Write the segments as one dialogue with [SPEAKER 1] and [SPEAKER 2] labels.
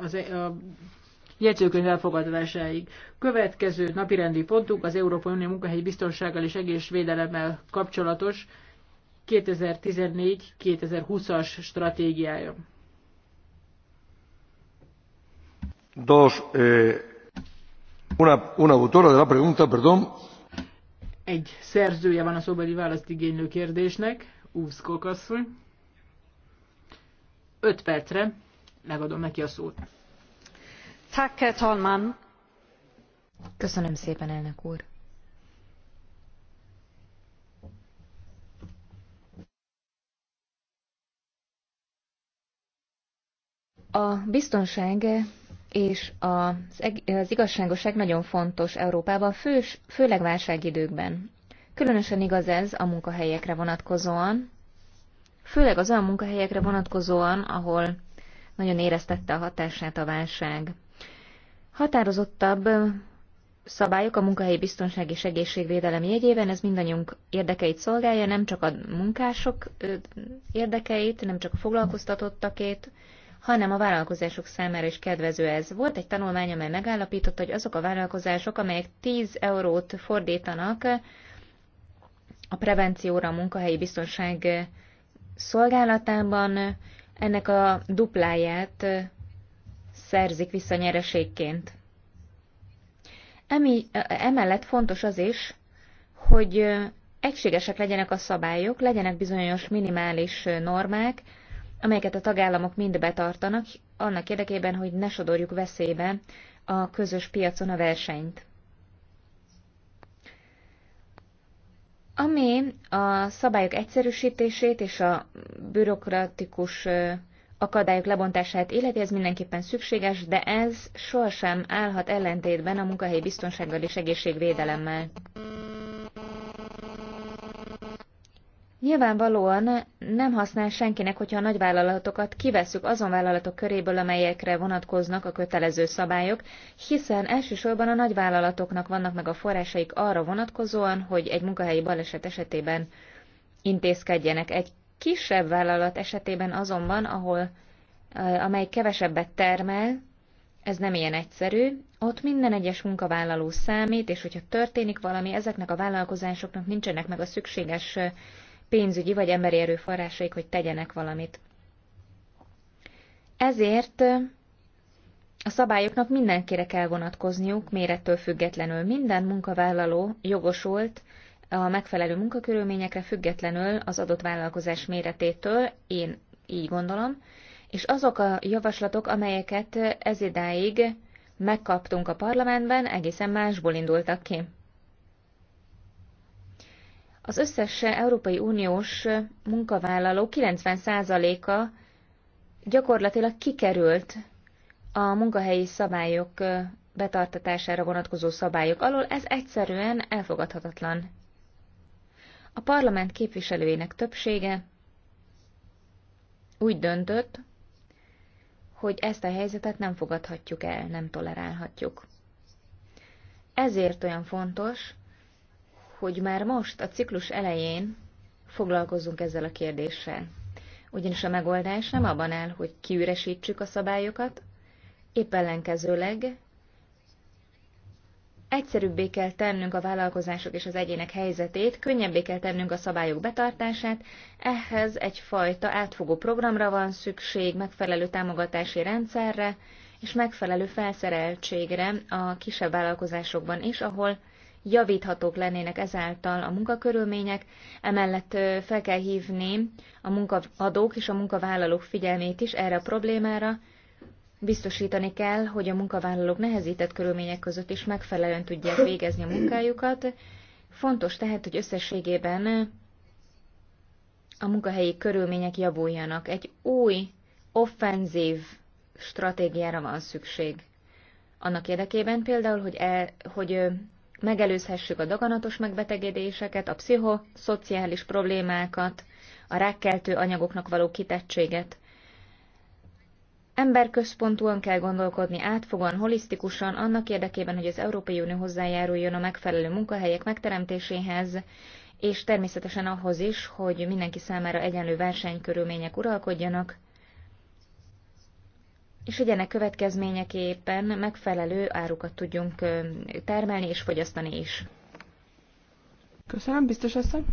[SPEAKER 1] az, a jegyzőkönyv elfogadásáig. Következő napirendi pontunk az Európai Unió munkahelyi biztonsággal és egészvédelemmel
[SPEAKER 2] kapcsolatos 2014-2020-as stratégiája.
[SPEAKER 3] Dos, eh, una, una autora de la pregunta, perdón.
[SPEAKER 1] Egy szerzője van a szóbeli választ igénylő kérdésnek, Úszkok asszony. percre megadom neki a szót. Köszönöm szépen, elnök úr. A biztonság és az igazságoság nagyon fontos Európában, fős, főleg válságidőkben. Különösen igaz ez a munkahelyekre vonatkozóan, főleg az olyan munkahelyekre vonatkozóan, ahol nagyon éreztette a hatását a válság. Határozottabb szabályok a munkahelyi biztonság és egészségvédelem jegyében, ez mindannyiunk érdekeit szolgálja, nem csak a munkások érdekeit, nem csak a foglalkoztatottakét, hanem a vállalkozások számára is kedvező ez. Volt egy tanulmány, amely megállapította, hogy azok a vállalkozások, amelyek 10 eurót fordítanak a prevencióra a munkahelyi biztonság szolgálatában, ennek a dupláját szerzik vissza nyereségként. emellett fontos az is, hogy egységesek legyenek a szabályok, legyenek bizonyos minimális normák, amelyeket a tagállamok mind betartanak, annak érdekében, hogy ne sodorjuk veszélybe a közös piacon a versenyt. Ami a szabályok egyszerűsítését és a bürokratikus akadályok lebontását illeti, ez mindenképpen szükséges, de ez sohasem állhat ellentétben a munkahelyi biztonsággal és egészségvédelemmel. Nyilvánvalóan nem használ senkinek, hogyha a nagyvállalatokat kiveszük azon vállalatok köréből, amelyekre vonatkoznak a kötelező szabályok, hiszen elsősorban a nagyvállalatoknak vannak meg a forrásaik arra vonatkozóan, hogy egy munkahelyi baleset esetében intézkedjenek. Egy kisebb vállalat esetében azonban, ahol eh, amely kevesebbet termel, ez nem ilyen egyszerű, ott minden egyes munkavállaló számít, és hogyha történik valami, ezeknek a vállalkozásoknak nincsenek meg a szükséges eh, pénzügyi vagy emberi erőforrásaik, hogy tegyenek valamit. Ezért a szabályoknak mindenkire kell vonatkozniuk, mérettől függetlenül minden munkavállaló jogosult a megfelelő munkakörülményekre függetlenül az adott vállalkozás méretétől, én így gondolom, és azok a javaslatok, amelyeket ez idáig megkaptunk a parlamentben, egészen másból indultak ki. Az összes Európai Uniós munkavállaló 90%-a gyakorlatilag kikerült a munkahelyi szabályok betartatására vonatkozó szabályok alól, ez egyszerűen elfogadhatatlan. A parlament képviselőinek többsége úgy döntött, hogy ezt a helyzetet nem fogadhatjuk el, nem tolerálhatjuk. Ezért olyan fontos, hogy már most a ciklus elején foglalkozzunk ezzel a kérdéssel. Ugyanis a megoldás nem abban áll, hogy kiüresítsük a szabályokat, épp ellenkezőleg egyszerűbbé kell tennünk a vállalkozások és az egyének helyzetét, könnyebbé kell tennünk a szabályok betartását, ehhez egyfajta átfogó programra van szükség, megfelelő támogatási rendszerre és megfelelő felszereltségre a kisebb vállalkozásokban is, ahol javíthatók lennének ezáltal a munkakörülmények, emellett fel kell hívni a munkaadók és a munkavállalók figyelmét is erre a problémára, Biztosítani kell, hogy a munkavállalók nehezített körülmények között is megfelelően tudják végezni a munkájukat. Fontos tehát, hogy összességében a munkahelyi körülmények javuljanak. Egy új, offenzív stratégiára van szükség. Annak érdekében például, hogy, el, hogy megelőzhessük a daganatos megbetegedéseket, a pszichoszociális problémákat, a rákkeltő anyagoknak való kitettséget. Emberközpontúan kell gondolkodni átfogóan, holisztikusan, annak érdekében, hogy az Európai Unió hozzájáruljon a megfelelő munkahelyek megteremtéséhez, és természetesen ahhoz is, hogy mindenki számára egyenlő versenykörülmények uralkodjanak, és hogy ennek következményeképpen megfelelő árukat tudjunk termelni és fogyasztani is. Köszönöm, biztos asszony.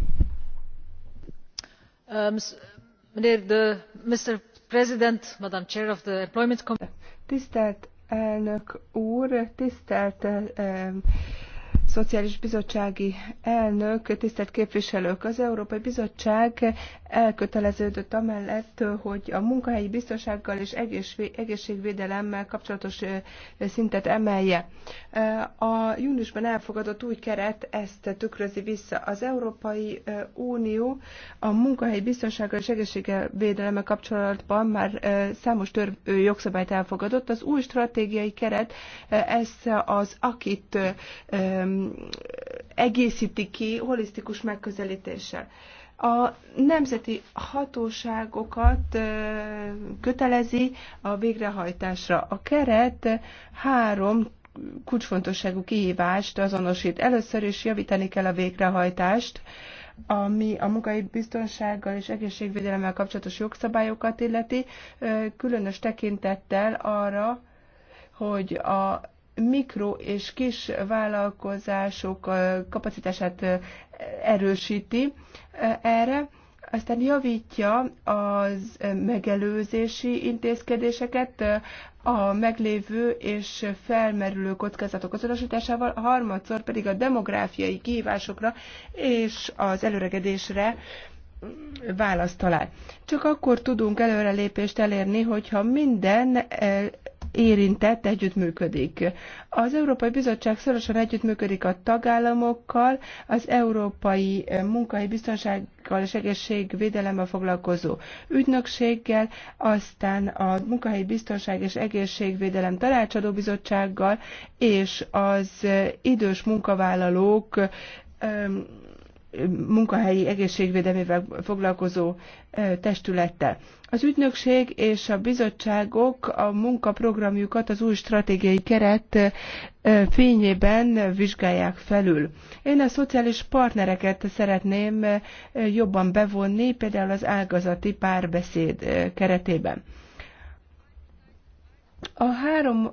[SPEAKER 2] Mr. President, Madam Chair of the Employment Committee.
[SPEAKER 4] Tisztelt elnök úr, tisztelt Szociális Bizottsági Elnök, tisztelt képviselők! Az Európai Bizottság elköteleződött amellett, hogy a munkahelyi biztonsággal és egészségvédelemmel kapcsolatos szintet emelje. A júniusban elfogadott új keret ezt tükrözi vissza. Az Európai Unió a munkahelyi biztonsággal és egészségvédelemmel kapcsolatban már számos törv jogszabályt elfogadott. Az új stratégiai keret ezt az akit egészíti ki holisztikus megközelítéssel. A nemzeti hatóságokat kötelezi a végrehajtásra. A keret három kulcsfontosságú kihívást azonosít. Először is javítani kell a végrehajtást, ami a munkai biztonsággal és egészségvédelemmel kapcsolatos jogszabályokat illeti, különös tekintettel arra, hogy a mikro és kis vállalkozások kapacitását erősíti erre, aztán javítja az megelőzési intézkedéseket a meglévő és felmerülő kockázatok azonosításával, a harmadszor pedig a demográfiai kihívásokra és az előregedésre választ talál. Csak akkor tudunk előrelépést elérni, hogyha minden érintett együttműködik. Az Európai Bizottság szorosan együttműködik a tagállamokkal, az Európai Munkai Biztonsággal és Egészségvédelemmel foglalkozó ügynökséggel, aztán a Munkai Biztonság és Egészségvédelem Tanácsadó Bizottsággal és az idős munkavállalók munkahelyi egészségvédelmével foglalkozó testülettel. Az ügynökség és a bizottságok a munkaprogramjukat az új stratégiai keret fényében vizsgálják felül. Én a szociális partnereket szeretném jobban bevonni, például az ágazati párbeszéd keretében. A három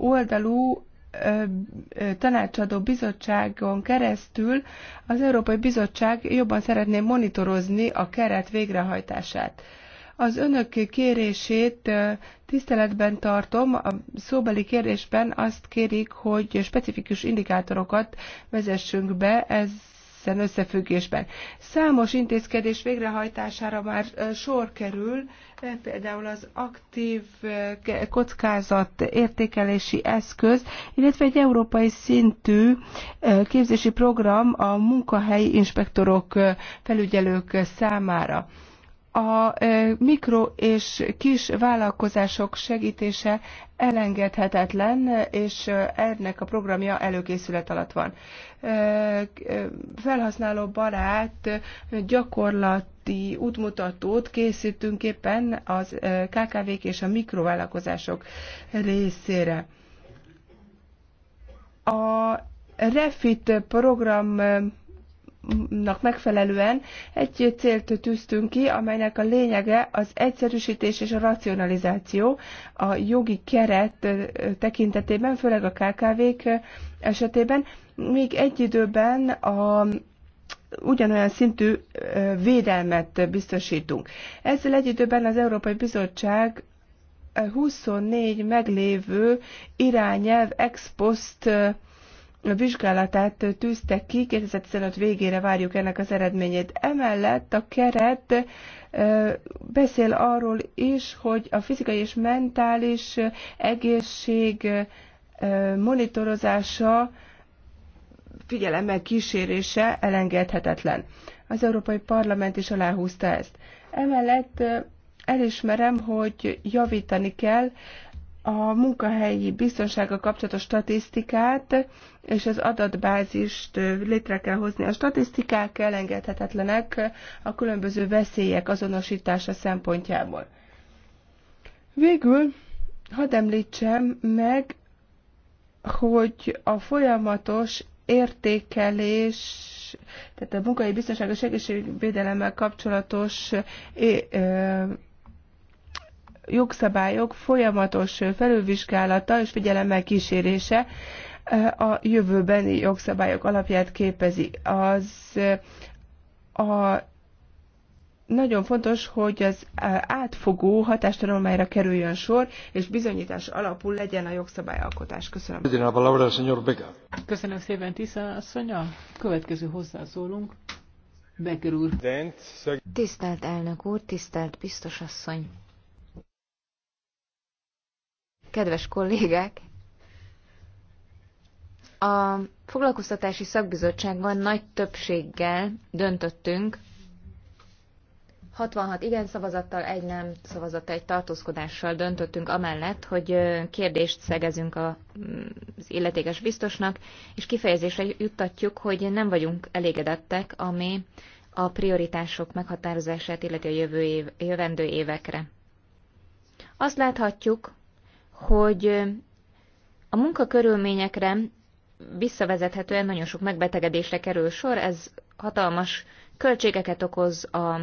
[SPEAKER 4] oldalú tanácsadó bizottságon keresztül az Európai Bizottság jobban szeretné monitorozni a keret végrehajtását. Az önök kérését tiszteletben tartom, a szóbeli kérdésben azt kérik, hogy specifikus indikátorokat vezessünk be, ez ezen összefüggésben. Számos intézkedés végrehajtására már sor kerül, például az aktív kockázat értékelési eszköz, illetve egy európai szintű képzési program a munkahelyi inspektorok felügyelők számára a mikro és kis vállalkozások segítése elengedhetetlen, és ennek a programja előkészület alatt van. Felhasználó barát gyakorlati útmutatót készítünk éppen az KKV-k és a mikrovállalkozások részére. A Refit program nak megfelelően egy célt tűztünk ki, amelynek a lényege az egyszerűsítés és a racionalizáció a jogi keret tekintetében, főleg a KKV-k esetében, még egy időben a ugyanolyan szintű védelmet biztosítunk. Ezzel egy időben az Európai Bizottság 24 meglévő irányelv ex post a vizsgálatát tűzte ki, 2015 végére várjuk ennek az eredményét. Emellett a keret beszél arról is, hogy a fizikai és mentális egészség monitorozása, figyelemmel kísérése elengedhetetlen. Az Európai Parlament is aláhúzta ezt. Emellett elismerem, hogy javítani kell a munkahelyi biztonsága kapcsolatos statisztikát és az adatbázist létre kell hozni. A statisztikák elengedhetetlenek a különböző veszélyek azonosítása szempontjából. Végül hadd említsem meg, hogy a folyamatos értékelés, tehát a munkai biztonságos egészségvédelemmel kapcsolatos jogszabályok folyamatos felülvizsgálata és figyelemmel kísérése a jövőbeni jogszabályok alapját képezi. Az a nagyon fontos, hogy az átfogó hatástanulmányra kerüljön sor, és bizonyítás alapul legyen a jogszabályalkotás. Köszönöm. Köszönöm szépen, Tisza asszony. A következő hozzászólunk.
[SPEAKER 3] Becker úr.
[SPEAKER 1] Tisztelt elnök úr, tisztelt biztos asszony. Kedves kollégák! A foglalkoztatási szakbizottságban nagy többséggel döntöttünk, 66 igen szavazattal, egy nem szavazattal, egy tartózkodással döntöttünk amellett, hogy kérdést szegezünk mm, az illetékes biztosnak, és kifejezésre juttatjuk, hogy nem vagyunk elégedettek, ami a prioritások meghatározását illeti a jövő év, jövendő évekre. Azt láthatjuk, hogy a munkakörülményekre visszavezethetően nagyon sok megbetegedésre kerül sor, ez hatalmas költségeket okoz a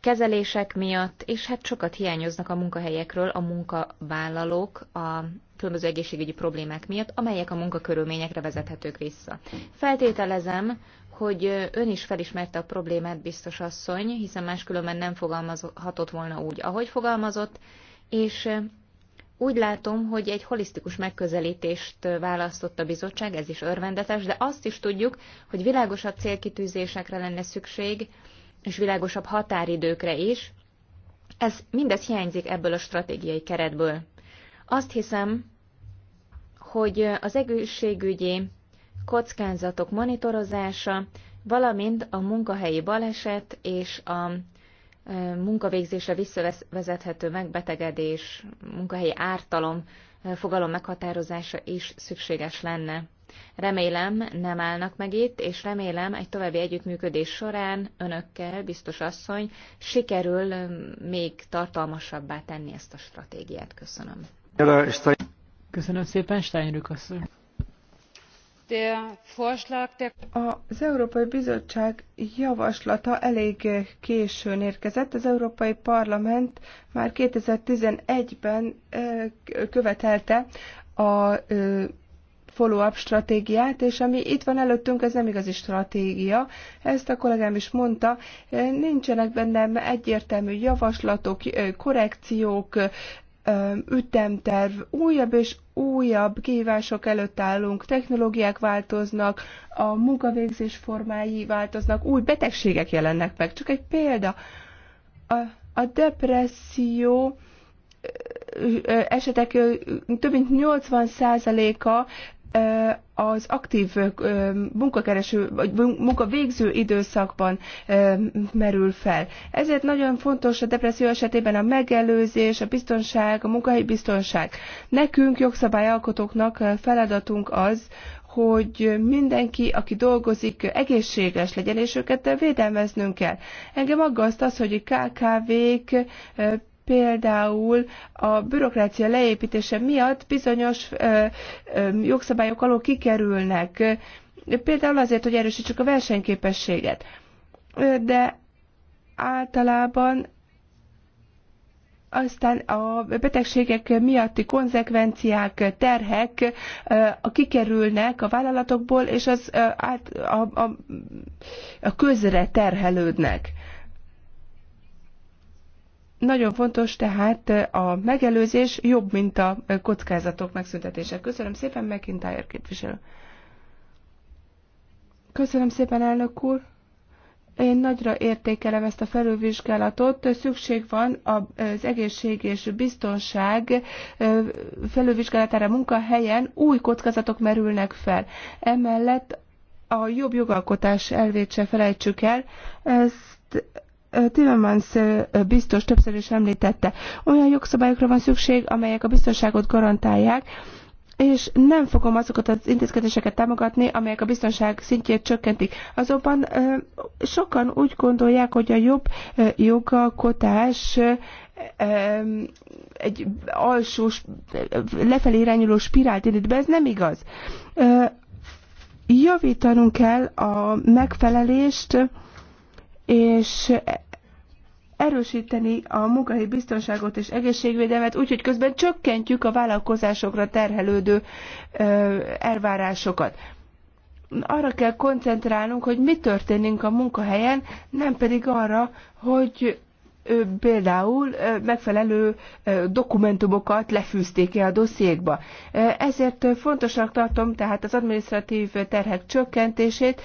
[SPEAKER 1] kezelések miatt, és hát sokat hiányoznak a munkahelyekről a munkavállalók a különböző egészségügyi problémák miatt, amelyek a munkakörülményekre vezethetők vissza. Feltételezem, hogy ön is felismerte a problémát, biztos asszony, hiszen máskülönben nem fogalmazhatott volna úgy, ahogy fogalmazott, és úgy látom, hogy egy holisztikus megközelítést választott a bizottság, ez is örvendetes, de azt is tudjuk, hogy világosabb célkitűzésekre lenne szükség, és világosabb határidőkre is. Ez mindez hiányzik ebből a stratégiai keretből. Azt hiszem, hogy az egészségügyi kockázatok monitorozása, valamint a munkahelyi baleset és a munkavégzésre visszavezethető megbetegedés, munkahelyi ártalom fogalom meghatározása is szükséges lenne. Remélem nem állnak meg itt, és remélem egy további együttműködés során önökkel, biztos asszony, sikerül még tartalmasabbá tenni ezt a stratégiát. Köszönöm.
[SPEAKER 5] Köszönöm szépen, Steinrück asszony.
[SPEAKER 4] Az Európai Bizottság javaslata elég későn érkezett. Az Európai Parlament már 2011-ben követelte a follow-up stratégiát, és ami itt van előttünk, ez nem igazi stratégia. Ezt a kollégám is mondta, nincsenek benne egyértelmű javaslatok, korrekciók, ütemterv, újabb és újabb kihívások előtt állunk, technológiák változnak, a munkavégzés formái változnak, új betegségek jelennek meg. Csak egy példa, a, a depresszió esetek több mint 80%-a az aktív munkakereső, vagy munkavégző időszakban merül fel. Ezért nagyon fontos a depresszió esetében a megelőzés, a biztonság, a munkahelyi biztonság. Nekünk, jogszabályalkotóknak feladatunk az, hogy mindenki, aki dolgozik, egészséges legyen, és őket védelmeznünk kell. Engem aggaszt az, hogy KKV-k például a bürokrácia leépítése miatt bizonyos jogszabályok alól kikerülnek, például azért, hogy erősítsük a versenyképességet. De általában aztán a betegségek miatti konzekvenciák, terhek a kikerülnek a vállalatokból, és az a, a, a közre terhelődnek. Nagyon fontos tehát eh, a megelőzés jobb, mint a eh, kockázatok megszüntetése. Köszönöm szépen, McIntyre képviselő. Köszönöm szépen, elnök úr. Én nagyra értékelem ezt a felülvizsgálatot. Szükség van az egészség és biztonság eh, felülvizsgálatára munkahelyen új kockázatok merülnek fel. Emellett a jobb jogalkotás elvét se felejtsük el. Ezt Timmermans biztos többször is említette, olyan jogszabályokra van szükség, amelyek a biztonságot garantálják, és nem fogom azokat az intézkedéseket támogatni, amelyek a biztonság szintjét csökkentik. Azonban sokan úgy gondolják, hogy a jobb jogalkotás egy alsó, lefelé irányuló spirált indít be, ez nem igaz. Javítanunk kell a megfelelést, és erősíteni a munkahelyi biztonságot és egészségvédelmet, úgyhogy közben csökkentjük a vállalkozásokra terhelődő elvárásokat. Arra kell koncentrálnunk, hogy mi történik a munkahelyen, nem pedig arra, hogy például megfelelő dokumentumokat lefűzték ki a dossziékba. Ezért fontosnak tartom tehát az administratív terhek csökkentését,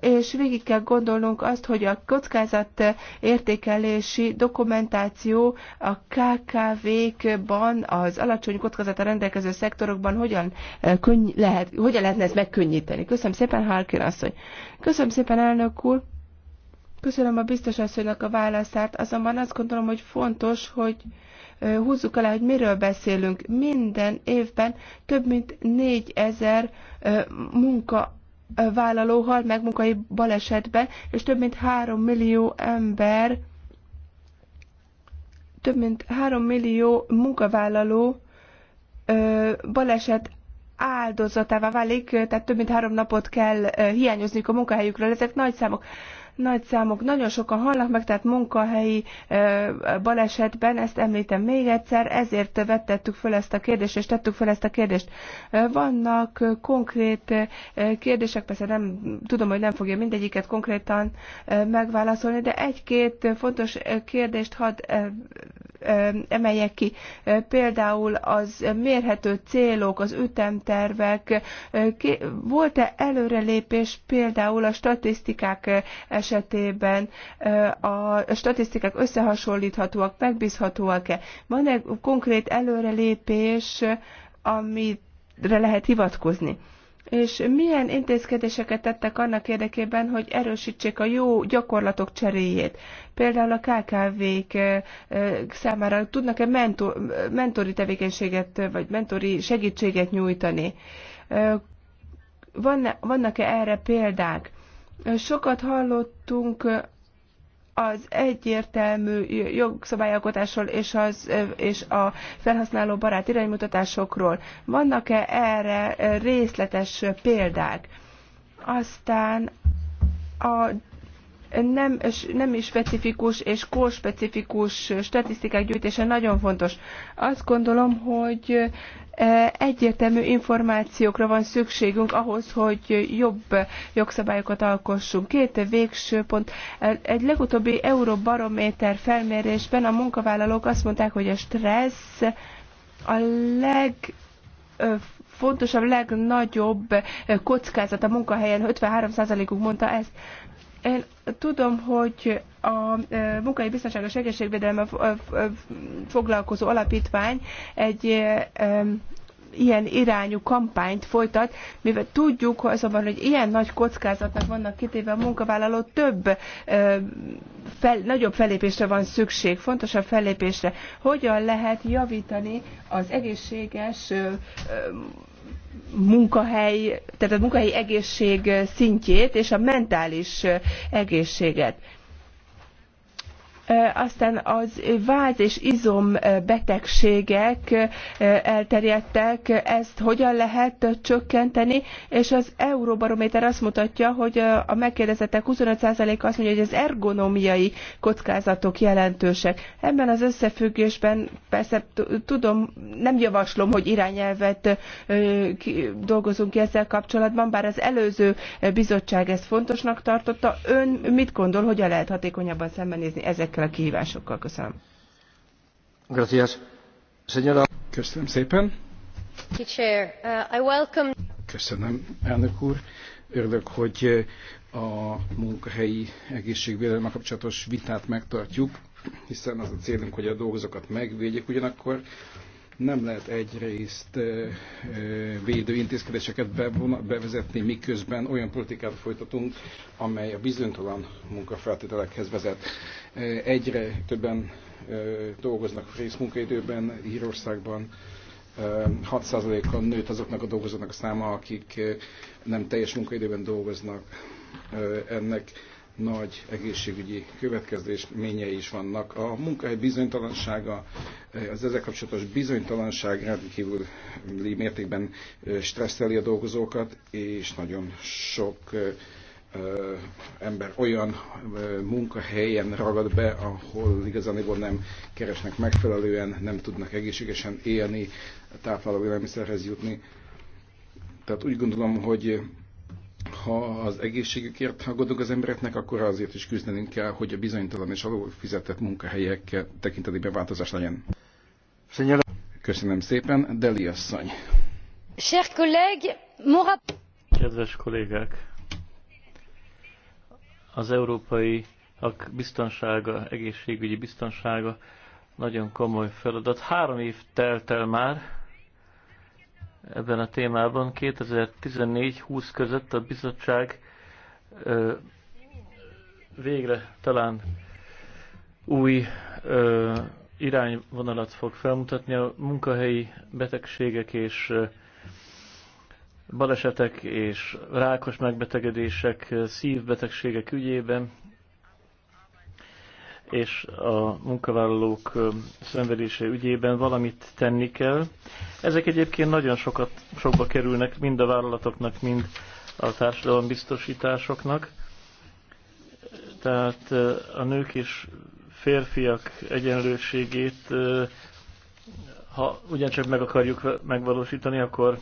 [SPEAKER 4] és végig kell gondolnunk azt, hogy a kockázat értékelési dokumentáció a KKV-kban, az alacsony kockázata rendelkező szektorokban hogyan, könny- lehet, hogyan lehetne ezt megkönnyíteni. Köszönöm szépen, Halkin asszony. Köszönöm szépen, elnök úr. Köszönöm a biztos asszonynak a válaszát, azonban azt gondolom, hogy fontos, hogy húzzuk alá, hogy miről beszélünk. Minden évben több mint 4000 munka vállaló hal meg munkai balesetben, és több mint 3 millió ember, több mint 3 millió munkavállaló baleset áldozatává válik, tehát több mint három napot kell hiányozniuk a munkahelyükről. Ezek nagy számok nagy számok, nagyon sokan halnak meg, tehát munkahelyi balesetben, ezt említem még egyszer, ezért vettettük fel ezt a kérdést, és tettük fel ezt a kérdést. Vannak konkrét kérdések, persze nem tudom, hogy nem fogja mindegyiket konkrétan megválaszolni, de egy-két fontos kérdést hadd emeljek ki. Például az mérhető célok, az ütemtervek, volt-e előrelépés például a statisztikák esetében, a statisztikák összehasonlíthatóak, megbízhatóak-e? Van-e konkrét előrelépés, amit lehet hivatkozni és milyen intézkedéseket tettek annak érdekében, hogy erősítsék a jó gyakorlatok cseréjét? Például a KKV-k számára tudnak-e mentor, mentori tevékenységet, vagy mentori segítséget nyújtani? Vannak-e erre példák? Sokat hallottunk az egyértelmű jogszabályalkotásról és, az, és a felhasználó barát iránymutatásokról. Vannak-e erre részletes példák? Aztán a nem, nem is specifikus és korspecifikus statisztikák gyűjtése nagyon fontos. Azt gondolom, hogy egyértelmű információkra van szükségünk ahhoz, hogy jobb jogszabályokat alkossunk. Két végső pont. Egy legutóbbi Euróbarométer felmérésben a munkavállalók azt mondták, hogy a stressz a leg fontosabb, legnagyobb kockázat a munkahelyen, 53%-uk mondta ezt. Én tudom, hogy a e, munkai biztonságos egészségvédelme e, e, foglalkozó alapítvány egy ilyen irányú kampányt folytat, mivel tudjuk azonban, hogy ilyen nagy kockázatnak vannak kitéve a munkavállaló, több fel, nagyobb fellépésre van szükség, fontosabb fellépésre. Hogyan lehet javítani az egészséges munkahely, tehát a munkahelyi egészség szintjét és a mentális egészséget. Aztán az váz és izom betegségek elterjedtek, ezt hogyan lehet csökkenteni, és az Euróbarométer azt mutatja, hogy a megkérdezettek 25%-a azt mondja, hogy az ergonomiai kockázatok jelentősek. Ebben az összefüggésben persze tudom, nem javaslom, hogy irányelvet dolgozunk ki ezzel kapcsolatban, bár az előző bizottság ezt fontosnak tartotta. Ön mit gondol, hogyan lehet hatékonyabban szembenézni ezek ezekkel a kihívásokkal. Köszönöm.
[SPEAKER 3] Köszönöm szépen. Uh, Köszönöm, elnök úr. Örülök, hogy uh, a munkahelyi egészségvédelme kapcsolatos vitát megtartjuk, hiszen az a célunk, hogy a dolgozókat megvédjük, ugyanakkor nem lehet egyrészt védő intézkedéseket bevezetni, miközben olyan politikát folytatunk, amely a bizonytalan munkafeltételekhez vezet. Egyre többen dolgoznak részmunkaidőben Írországban, 6%-kal nőtt azoknak a dolgozóknak a száma, akik nem teljes munkaidőben dolgoznak. Ennek nagy egészségügyi következményei is vannak. A munkahely bizonytalansága, az ezzel kapcsolatos bizonytalanság rendkívül mértékben stresszeli a dolgozókat, és nagyon sok ember olyan munkahelyen ragad be, ahol igazániból nem keresnek megfelelően, nem tudnak egészségesen élni, tápláló élelmiszerhez jutni. Tehát úgy gondolom, hogy ha az egészségükért aggódok az embereknek, akkor azért is küzdenünk kell, hogy a bizonytalan és alul fizetett munkahelyek tekintetében változás legyen. Köszönöm szépen, Deli asszony.
[SPEAKER 5] Kedves kollégák! Az európai biztonsága, egészségügyi biztonsága nagyon komoly feladat. Három év telt el már, ebben a témában. 2014-20 között a bizottság ö, végre talán új ö, irányvonalat fog felmutatni a munkahelyi betegségek és ö, balesetek és rákos megbetegedések, szívbetegségek ügyében és a munkavállalók szenvedése ügyében valamit tenni kell. Ezek egyébként nagyon sokat, sokba kerülnek mind a vállalatoknak, mind a biztosításoknak, Tehát a nők és férfiak egyenlőségét, ha ugyancsak meg akarjuk megvalósítani, akkor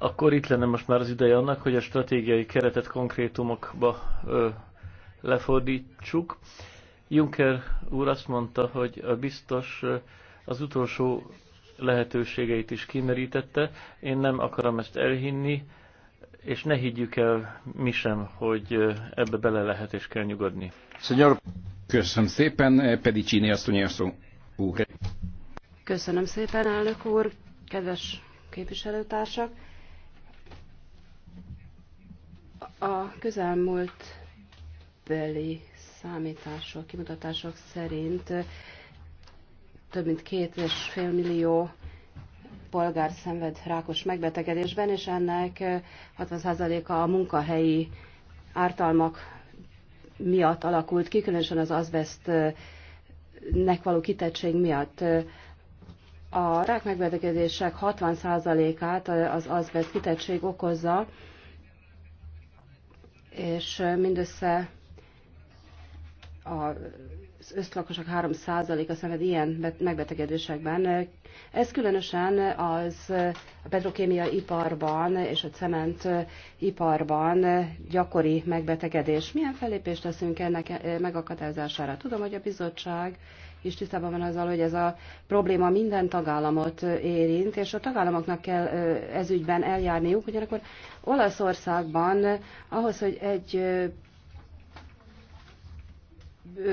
[SPEAKER 5] akkor itt lenne most már az ideje annak, hogy a stratégiai keretet konkrétumokba lefordítsuk. Juncker úr azt mondta, hogy a biztos az utolsó lehetőségeit is kimerítette. Én nem akarom ezt elhinni, és ne higgyük el mi sem, hogy ebbe bele lehet és kell nyugodni.
[SPEAKER 3] Szenyor, köszönöm szépen, eh, pedig Csíni asszony szó. Úr.
[SPEAKER 2] Köszönöm szépen, elnök úr, kedves képviselőtársak. A közelmúlt beli számítások, kimutatások szerint több mint két és fél millió polgár szenved rákos megbetegedésben, és ennek 60%-a a munkahelyi ártalmak miatt alakult ki, különösen az azbestnek való kitettség miatt. A rák megbetegedések 60%-át az azbest kitettség okozza, és mindössze az összlakosok 3%-a szenved ilyen megbetegedésekben. Ez különösen az a petrokémia iparban és a cement iparban gyakori megbetegedés. Milyen felépést teszünk ennek megakadályozására? Tudom, hogy a bizottság és tisztában van azzal, hogy ez a probléma minden tagállamot érint, és a tagállamoknak kell ezügyben eljárniuk, ugyanakkor Olaszországban ahhoz, hogy egy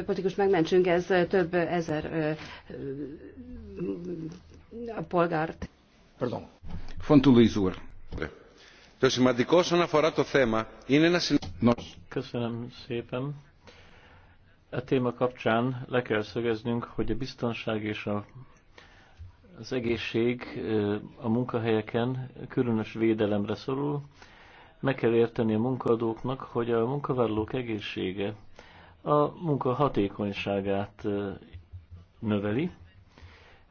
[SPEAKER 2] politikus megmentsünk, ez több ezer a polgárt.
[SPEAKER 3] Pardon. Fontuliz úr.
[SPEAKER 5] Köszönöm szépen. A e téma kapcsán le kell szögeznünk, hogy a biztonság és a, az egészség a munkahelyeken különös védelemre szorul. Meg kell érteni a munkadóknak, hogy a munkavállalók egészsége a munka hatékonyságát növeli,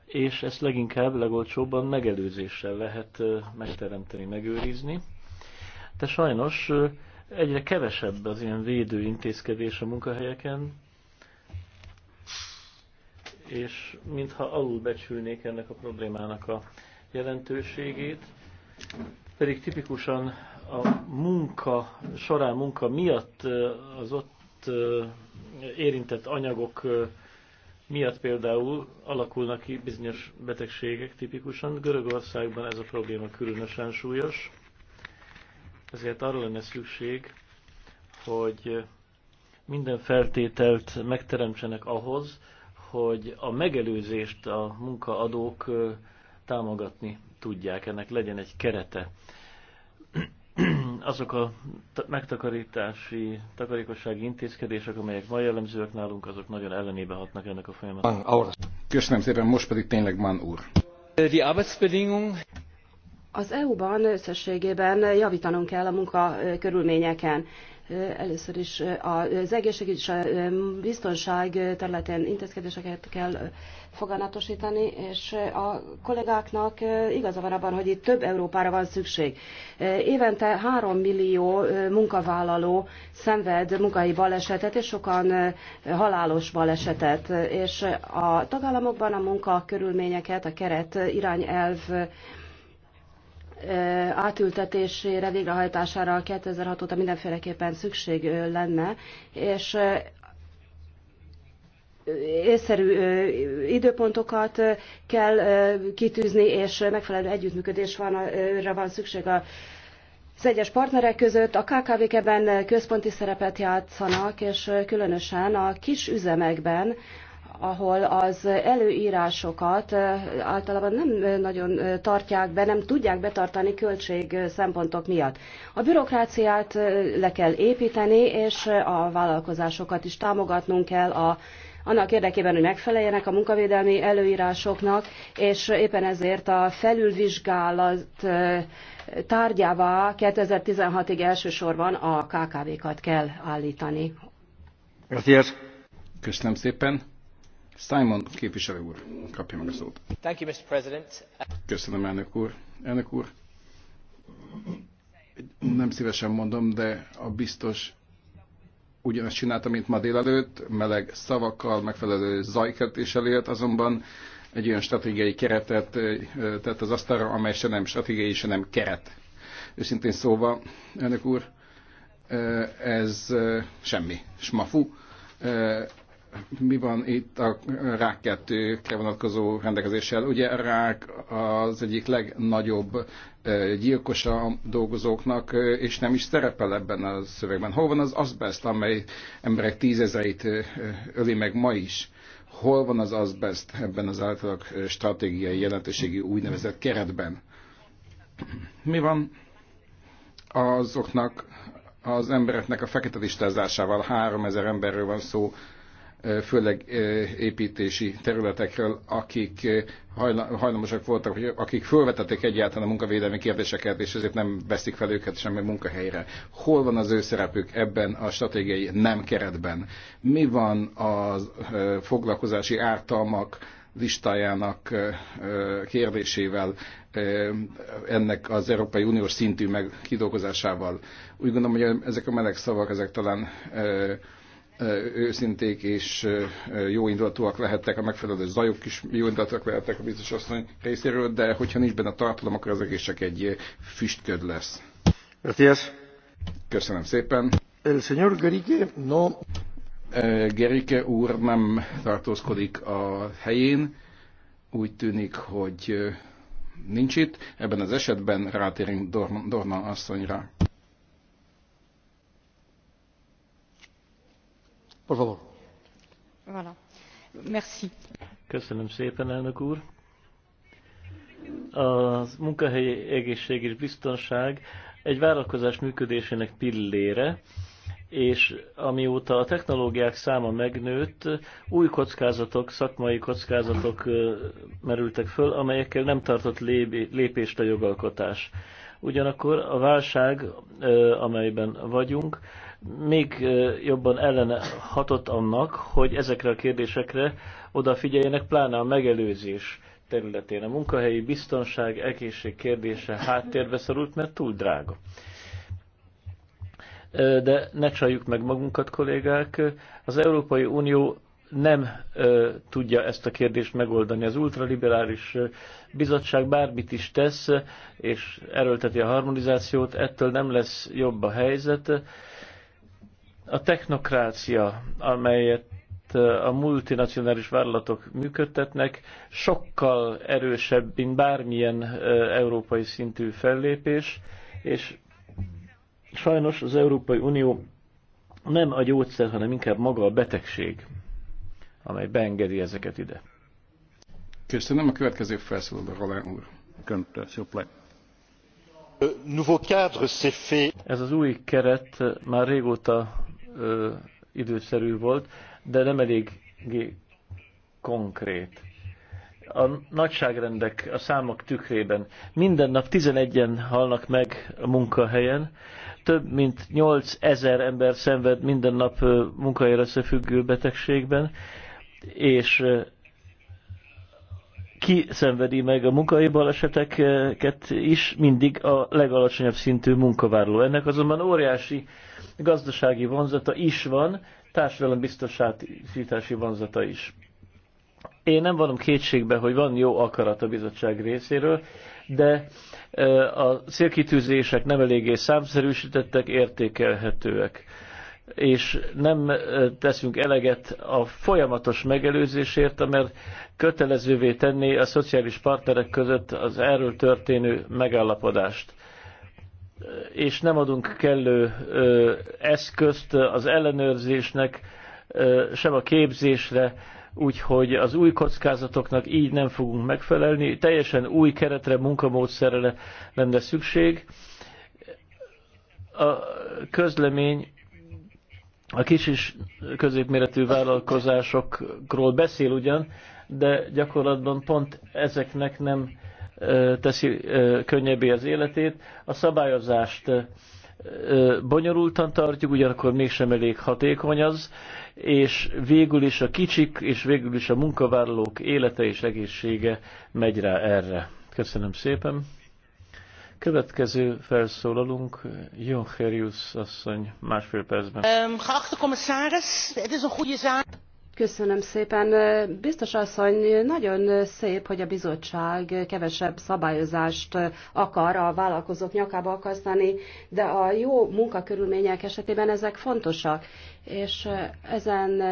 [SPEAKER 5] és ezt leginkább legolcsóbban megelőzéssel lehet megteremteni, megőrizni. De sajnos egyre kevesebb az ilyen védő intézkedés a munkahelyeken, és mintha alulbecsülnék ennek a problémának a jelentőségét, pedig tipikusan a munka során munka miatt az ott érintett anyagok miatt például alakulnak ki bizonyos betegségek tipikusan. Görögországban ez a probléma különösen súlyos, ezért arra lenne szükség, hogy minden feltételt megteremtsenek ahhoz, hogy a megelőzést a munkaadók támogatni tudják, ennek legyen egy kerete azok a megtakarítási, takarékossági intézkedések, amelyek ma jellemzőek nálunk, azok nagyon ellenébe hatnak ennek a folyamatnak.
[SPEAKER 3] Köszönöm szépen, most pedig tényleg Mann úr.
[SPEAKER 2] Az EU-ban összességében javítanunk kell a munkakörülményeken. Először is az egészségügy és a biztonság területén intézkedéseket kell foganatosítani, és a kollégáknak igaza van abban, hogy itt több Európára van szükség. Évente 3 millió munkavállaló szenved munkai balesetet, és sokan halálos balesetet, és a tagállamokban a munka körülményeket, a keret irányelv átültetésére, végrehajtására 2006 óta mindenféleképpen szükség lenne, és észszerű időpontokat kell kitűzni, és megfelelő együttműködés van, van szükség a az egyes partnerek között a KKV-k ebben központi szerepet játszanak, és különösen a kis üzemekben, ahol az előírásokat eh, általában nem eh, nagyon eh, tartják be, nem tudják betartani költség szempontok miatt. A bürokráciát le kell építeni, és a vállalkozásokat is támogatnunk kell a annak érdekében, hogy megfeleljenek a munkavédelmi előírásoknak, és éppen ezért a felülvizsgálat tárgyává 2016-ig elsősorban a KKV-kat kell állítani.
[SPEAKER 3] Köszönöm szépen. Simon képviselő úr, kapja meg a szót. Thank you, Mr. President. Köszönöm, elnök úr. Elnök úr, nem szívesen mondom, de a biztos ugyanezt csinálta, mint ma délelőtt, meleg szavakkal, megfelelő zajkertéssel élt, azonban egy olyan stratégiai keretet tett az asztalra, amely se nem stratégiai, se nem keret. Őszintén szólva, elnök úr, ez semmi, smafu mi van itt a rák kettőkre vonatkozó rendelkezéssel? Ugye a rák az egyik legnagyobb gyilkosa a dolgozóknak, és nem is szerepel ebben a szövegben. Hol van az azbest, amely emberek tízezeit öli meg ma is? Hol van az azbest ebben az általak stratégiai jelentőségi úgynevezett keretben? Mi van azoknak az embereknek a fekete listázásával? 3000 emberről van szó, főleg építési területekről, akik hajlamosak voltak, hogy akik fölvetették egyáltalán a munkavédelmi kérdéseket, és ezért nem veszik fel őket semmi munkahelyre. Hol van az ő szerepük ebben a stratégiai nem keretben? Mi van a foglalkozási ártalmak listájának kérdésével, ennek az Európai Uniós szintű meg kidolgozásával? Úgy gondolom, hogy ezek a meleg szavak, ezek talán őszinték és indulatúak lehettek, a megfelelő zajok is indulatúak lehettek a biztos asszony részéről, de hogyha nincs benne tartalom, akkor az egész csak egy füstköd lesz. Gracias. Köszönöm szépen. El señor Gerike, no. Gerike úr nem tartózkodik a helyén. Úgy tűnik, hogy nincs itt. Ebben az esetben rátérünk Dorna asszonyra.
[SPEAKER 5] Köszönöm szépen, elnök úr. A munkahelyi egészség és biztonság egy vállalkozás működésének pillére, és amióta a technológiák száma megnőtt, új kockázatok, szakmai kockázatok merültek föl, amelyekkel nem tartott lépést a jogalkotás. Ugyanakkor a válság, amelyben vagyunk, még jobban ellene hatott annak, hogy ezekre a kérdésekre odafigyeljenek, pláne a megelőzés területén. A munkahelyi biztonság, egészség kérdése háttérbe szorult, mert túl drága. De ne csaljuk meg magunkat, kollégák. Az Európai Unió nem ö, tudja ezt a kérdést megoldani. Az ultraliberális bizottság bármit is tesz, és erőlteti a harmonizációt, ettől nem lesz jobb a helyzet. A technokrácia, amelyet a multinacionális vállalatok működtetnek, sokkal erősebb, mint bármilyen európai szintű fellépés, és sajnos az Európai Unió nem a gyógyszer, hanem inkább maga a betegség, amely beengedi ezeket ide. Köszönöm a következő felszólaló, Roland úr. Ez az új keret már régóta ö, időszerű volt, de nem elég konkrét. A nagyságrendek, a számok tükrében. Minden nap 11-en halnak meg a munkahelyen, több mint 8000 ember szenved minden nap munkahelyre összefüggő betegségben, és ki szenvedi meg a munkai baleseteket is, mindig a legalacsonyabb szintű munkavállaló. Ennek azonban óriási gazdasági vonzata is van, biztosítási vonzata is. Én nem vanom kétségbe, hogy van jó akarat a bizottság részéről, de a célkitűzések nem eléggé számszerűsítettek, értékelhetőek és nem teszünk eleget a folyamatos megelőzésért, mert kötelezővé tenni a szociális partnerek között az erről történő megállapodást és nem adunk kellő eszközt az ellenőrzésnek, sem a képzésre, úgyhogy az új kockázatoknak így nem fogunk megfelelni. Teljesen új keretre, munkamódszerre lenne szükség. A közlemény a kis és középméretű vállalkozásokról beszél ugyan, de gyakorlatban pont ezeknek nem teszi könnyebbé az életét. A szabályozást bonyolultan tartjuk, ugyanakkor mégsem elég hatékony az, és végül is a kicsik, és végül is a munkavállalók élete és egészsége megy rá erre. Köszönöm szépen. Következő felszólalunk, Jon Herius asszony, másfél percben.
[SPEAKER 3] Um, geachte commissaris, het is een goede zaak.
[SPEAKER 2] Köszönöm szépen. Biztos asszony, nagyon szép, hogy a bizottság kevesebb szabályozást akar a vállalkozók nyakába akasztani, de a jó munkakörülmények esetében ezek fontosak, és ezen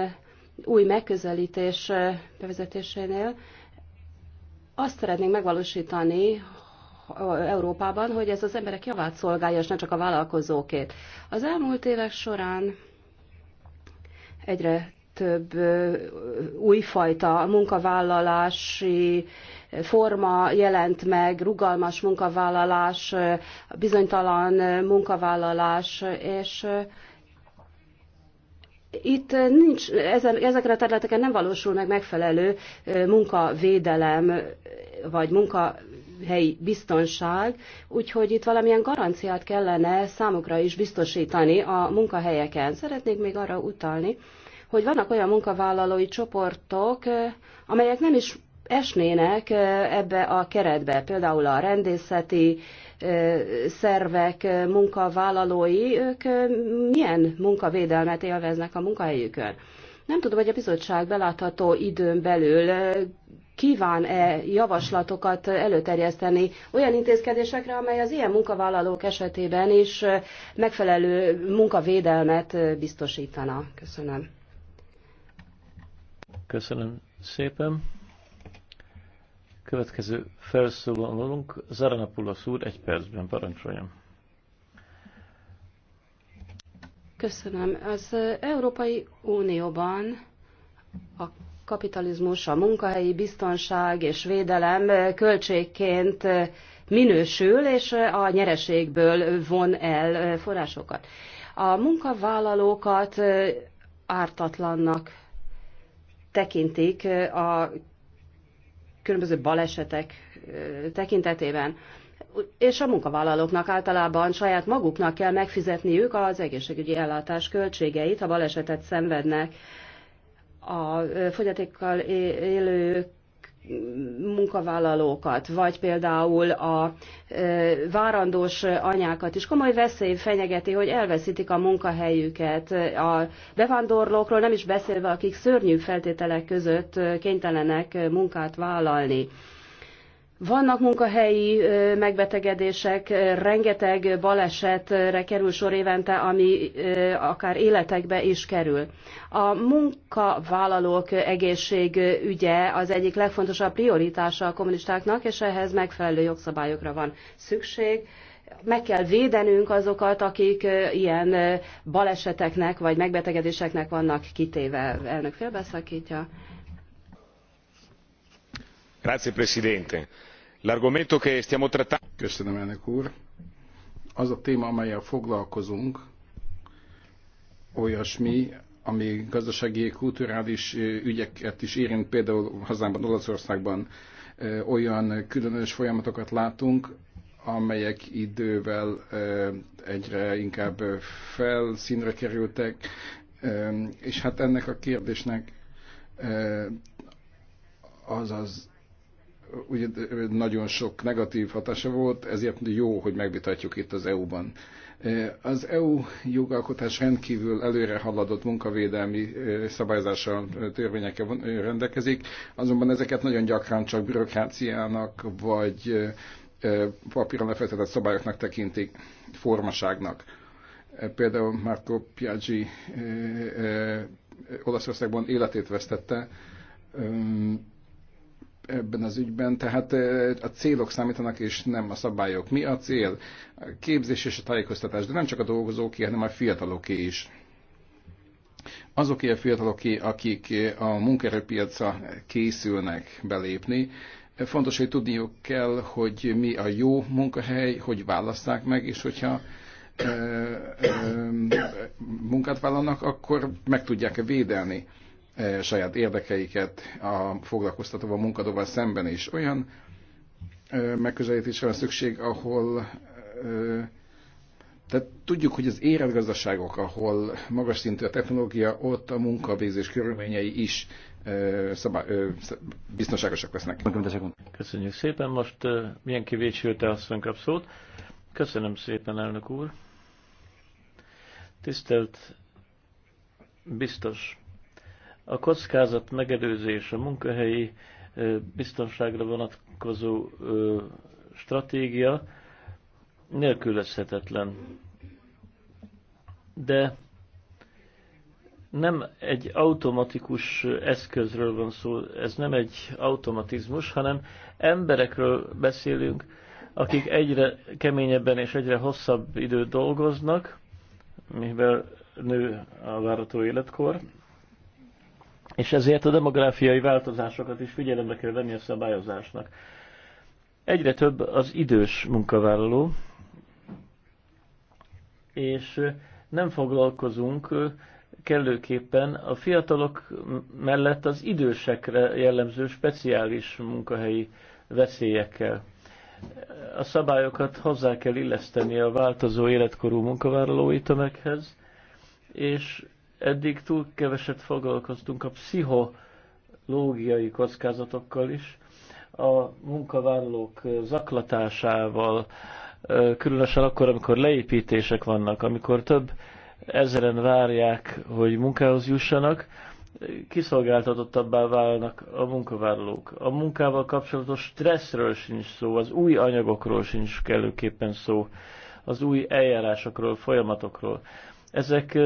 [SPEAKER 2] új megközelítés bevezetésénél azt szeretnénk megvalósítani, Európában, hogy ez az emberek javát szolgálja, és nem csak a vállalkozókét. Az elmúlt évek során egyre több újfajta munkavállalási forma jelent meg, rugalmas munkavállalás, bizonytalan munkavállalás, és itt nincs, ezekre a területeken nem valósul meg megfelelő munkavédelem vagy munkahelyi biztonság, úgyhogy itt valamilyen garanciát kellene számukra is biztosítani a munkahelyeken. Szeretnék még arra utalni, hogy vannak olyan munkavállalói csoportok, amelyek nem is esnének ebbe a keretbe, például a rendészeti szervek munkavállalói, ők milyen munkavédelmet élveznek a munkahelyükön. Nem tudom, hogy a bizottság belátható időn belül kíván-e javaslatokat előterjeszteni olyan intézkedésekre, amely az ilyen munkavállalók esetében is megfelelő munkavédelmet biztosítana. Köszönöm.
[SPEAKER 5] Köszönöm szépen. Következő felszólalunk Zaranapulos úr egy percben parancsoljon.
[SPEAKER 2] Köszönöm. Az Európai Unióban a kapitalizmus, a munkahelyi biztonság és védelem költségként minősül, és a nyereségből von el forrásokat. A munkavállalókat ártatlannak tekintik a különböző balesetek tekintetében. És a munkavállalóknak általában saját maguknak kell megfizetniük az egészségügyi ellátás költségeit, ha balesetet szenvednek. A fogyatékkal élők munkavállalókat, vagy például a e, várandós anyákat is komoly veszély fenyegeti, hogy elveszítik a munkahelyüket. A bevándorlókról nem is beszélve, akik szörnyű feltételek között kénytelenek munkát vállalni. Vannak munkahelyi megbetegedések, rengeteg balesetre kerül sor évente, ami akár életekbe is kerül. A munkavállalók egészségügye az egyik legfontosabb prioritása a kommunistáknak, és ehhez megfelelő jogszabályokra van szükség. Meg kell védenünk azokat, akik ilyen baleseteknek vagy megbetegedéseknek vannak kitéve. Elnök félbeszakítja.
[SPEAKER 3] Grazie Presidente Köszönöm, elnök úr. Az a téma, amelyel foglalkozunk, olyasmi, ami gazdasági, kulturális ügyeket is érint, például hazámban, Olaszországban olyan különös folyamatokat látunk, amelyek idővel egyre inkább felszínre kerültek, és hát ennek a kérdésnek az az ugye nagyon sok negatív hatása volt, ezért jó, hogy megvitatjuk itt az EU-ban. Az EU jogalkotás rendkívül előre haladott munkavédelmi szabályzással törvényekkel rendelkezik, azonban ezeket nagyon gyakran csak bürokráciának vagy papíron lefektetett szabályoknak tekintik formaságnak. Például Marco Piaggi Olaszországban életét vesztette, ebben az ügyben, tehát a célok számítanak, és nem a szabályok. Mi a cél? A képzés és a tájékoztatás, de nem csak a dolgozóké, hanem a fiataloké is. Azoké a fiataloké, akik a munkaerőpiacra készülnek belépni, fontos, hogy tudniuk kell, hogy mi a jó munkahely, hogy válasszák meg, és hogyha munkát vállalnak, akkor meg tudják -e védelni E, saját érdekeiket a foglalkoztatóval, munkadóval szemben is. Olyan e, megközelítésre van szükség, ahol e, tehát tudjuk, hogy az érett gazdaságok, ahol magas szintű a technológia, ott a munkavégzés körülményei is szabá, biztonságosak lesznek.
[SPEAKER 5] Köszönjük szépen. Most milyen kivécsülte azt mondjuk abszolút. Köszönöm szépen, elnök úr. Tisztelt biztos a kockázat megelőzés, a munkahelyi biztonságra vonatkozó stratégia nélkülözhetetlen. De nem egy automatikus eszközről van szó, ez nem egy automatizmus, hanem emberekről beszélünk, akik egyre keményebben és egyre hosszabb időt dolgoznak, mivel nő a várató életkor, és ezért a demográfiai változásokat is figyelembe kell venni a szabályozásnak. Egyre több az idős munkavállaló, és nem foglalkozunk kellőképpen a fiatalok mellett az idősekre jellemző speciális munkahelyi veszélyekkel. A szabályokat hozzá kell illeszteni a változó életkorú munkavállalói tömeghez, és Eddig túl keveset foglalkoztunk a pszichológiai kockázatokkal is, a munkavállalók zaklatásával, különösen akkor, amikor leépítések vannak, amikor több ezeren várják, hogy munkához jussanak, kiszolgáltatottabbá válnak a munkavállalók. A munkával kapcsolatos stresszről sincs szó, az új anyagokról sincs kellőképpen szó, az új eljárásokról, folyamatokról. Ezek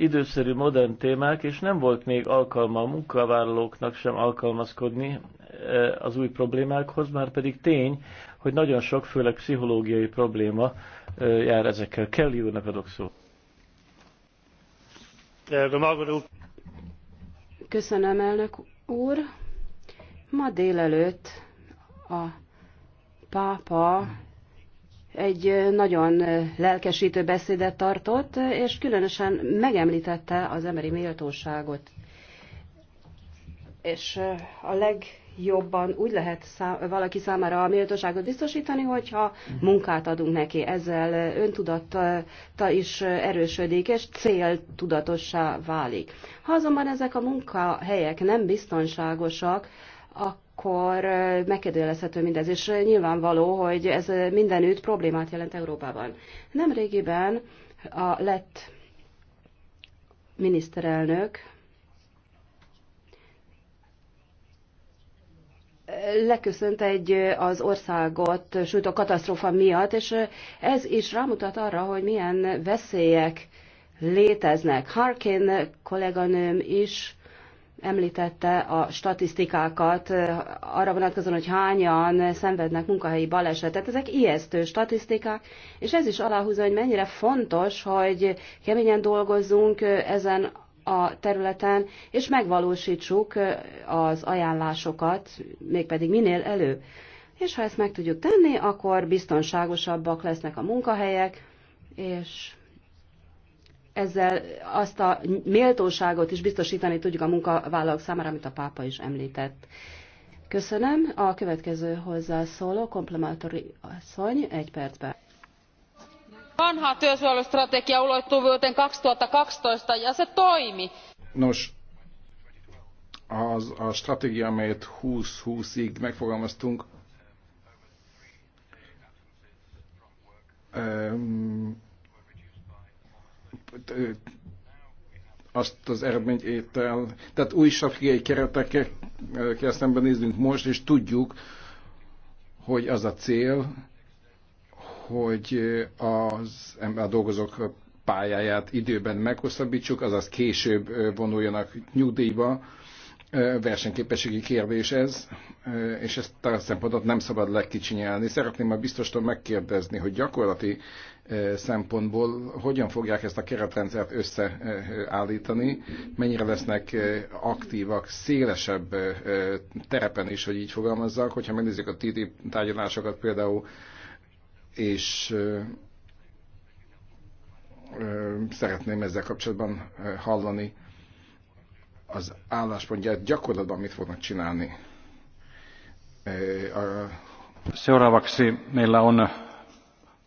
[SPEAKER 5] időszerű, modern témák, és nem volt még alkalma a munkavállalóknak sem alkalmazkodni e, az új problémákhoz, már pedig tény, hogy nagyon sok, főleg pszichológiai probléma e, jár ezekkel. Kelly úrnak adok szót.
[SPEAKER 2] Köszönöm, elnök úr. Ma délelőtt a pápa egy nagyon lelkesítő beszédet tartott, és különösen megemlítette az emberi méltóságot. És a legjobban úgy lehet szám, valaki számára a méltóságot biztosítani, hogyha munkát adunk neki. Ezzel öntudatta is erősödik, és céltudatossá válik. Ha azonban ezek a munkahelyek nem biztonságosak, akkor akkor megkérdőjelezhető mindez, és nyilvánvaló, hogy ez mindenütt problémát jelent Európában. Nemrégiben a lett miniszterelnök leköszönt egy az országot a katasztrófa miatt, és ez is rámutat arra, hogy milyen veszélyek léteznek. Harkin kolléganőm is említette a statisztikákat arra vonatkozóan, hogy hányan szenvednek munkahelyi balesetet. Ezek ijesztő statisztikák, és ez is aláhúzza, hogy mennyire fontos, hogy keményen dolgozzunk ezen a területen, és megvalósítsuk az ajánlásokat, mégpedig minél elő. És ha ezt meg tudjuk tenni, akkor biztonságosabbak lesznek a munkahelyek, és ezzel azt a méltóságot is biztosítani tudjuk a munkavállalók számára, amit a pápa is említett. Köszönöm. A következő hozzászóló, komplementori asszony, egy percben. Vanha stratégia ulottuu vuoteen 2012, ja se toimi.
[SPEAKER 3] Nos, az a stratégia, amelyet 20-20-ig megfogalmaztunk, um, azt az eredményt ért el. Tehát új stratégiai keretekkel kell szembenéznünk most, és tudjuk, hogy az a cél, hogy az ember dolgozók pályáját időben meghosszabbítsuk, azaz később vonuljanak nyugdíjba, versenyképességi kérdés ez, és ezt a szempontot nem szabad legkicsinyelni. Szeretném a biztostól megkérdezni, hogy gyakorlati szempontból hogyan fogják ezt a keretrendszert összeállítani, mennyire lesznek aktívak, szélesebb terepen is, hogy így fogalmazzak, hogyha megnézzük a TTIP tárgyalásokat például, és szeretném ezzel kapcsolatban hallani az álláspontját gyakorlatban mit fognak csinálni? A... Seuraavaksi meillä on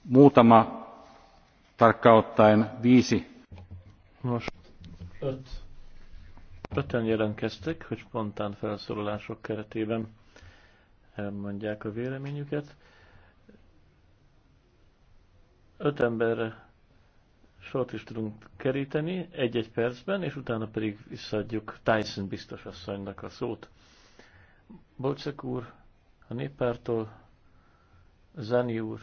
[SPEAKER 3] muutama tarkkauttaen viisi.
[SPEAKER 5] Nos, öt. Öten jelentkeztek, hogy spontán felszólalások keretében elmondják a véleményüket. Öt emberre sort is tudunk keríteni egy-egy percben, és utána pedig visszaadjuk Tyson biztos asszonynak a szót. Bocsek úr, a néppártól, Zani úr,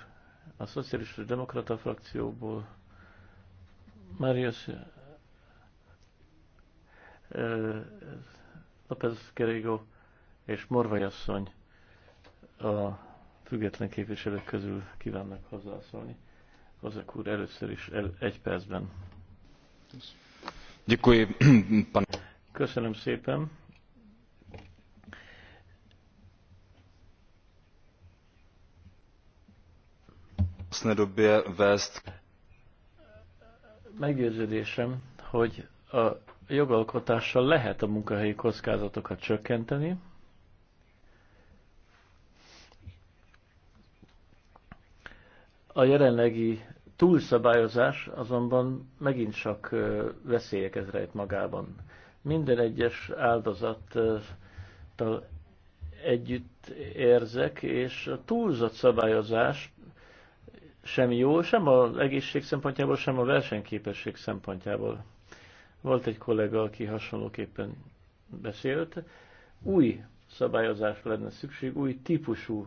[SPEAKER 5] a Szocialista Demokrata frakcióból, Marius López Kerégo és Morvai asszony a független képviselők közül kívánnak hozzászólni. Kozak úr először is el, egy percben. Köszönöm szépen. Meggyőződésem, hogy a jogalkotással lehet a munkahelyi kockázatokat csökkenteni, A jelenlegi túlszabályozás azonban megint csak veszélyeket rejt magában. Minden egyes áldozattal együtt érzek, és a túlzott szabályozás sem jó, sem az egészség szempontjából, sem a versenyképesség szempontjából. Volt egy kollega, aki hasonlóképpen beszélt. Új szabályozás lenne szükség, új típusú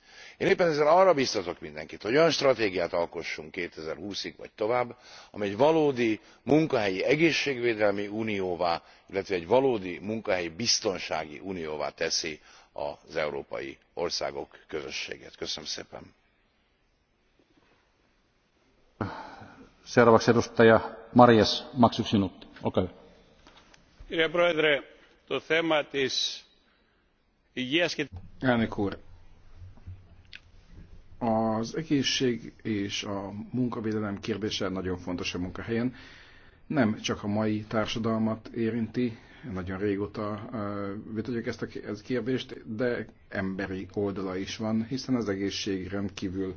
[SPEAKER 3] én éppen ezért arra biztatok mindenkit hogy olyan stratégiát alkossunk two thousand and twenty ig vagy tovább amely egy valódi munkahelyi egészségvédelmi unióvá illetve egy valódi munkahelyi biztonsági unióvá teszi az európai országok közösségét. köszönöm szépen! elnök úr! Az egészség és a munkavédelem kérdése nagyon fontos a munkahelyen. Nem csak a mai társadalmat érinti, nagyon régóta vitatjuk ezt a kérdést, de emberi oldala is van, hiszen az egészség rendkívül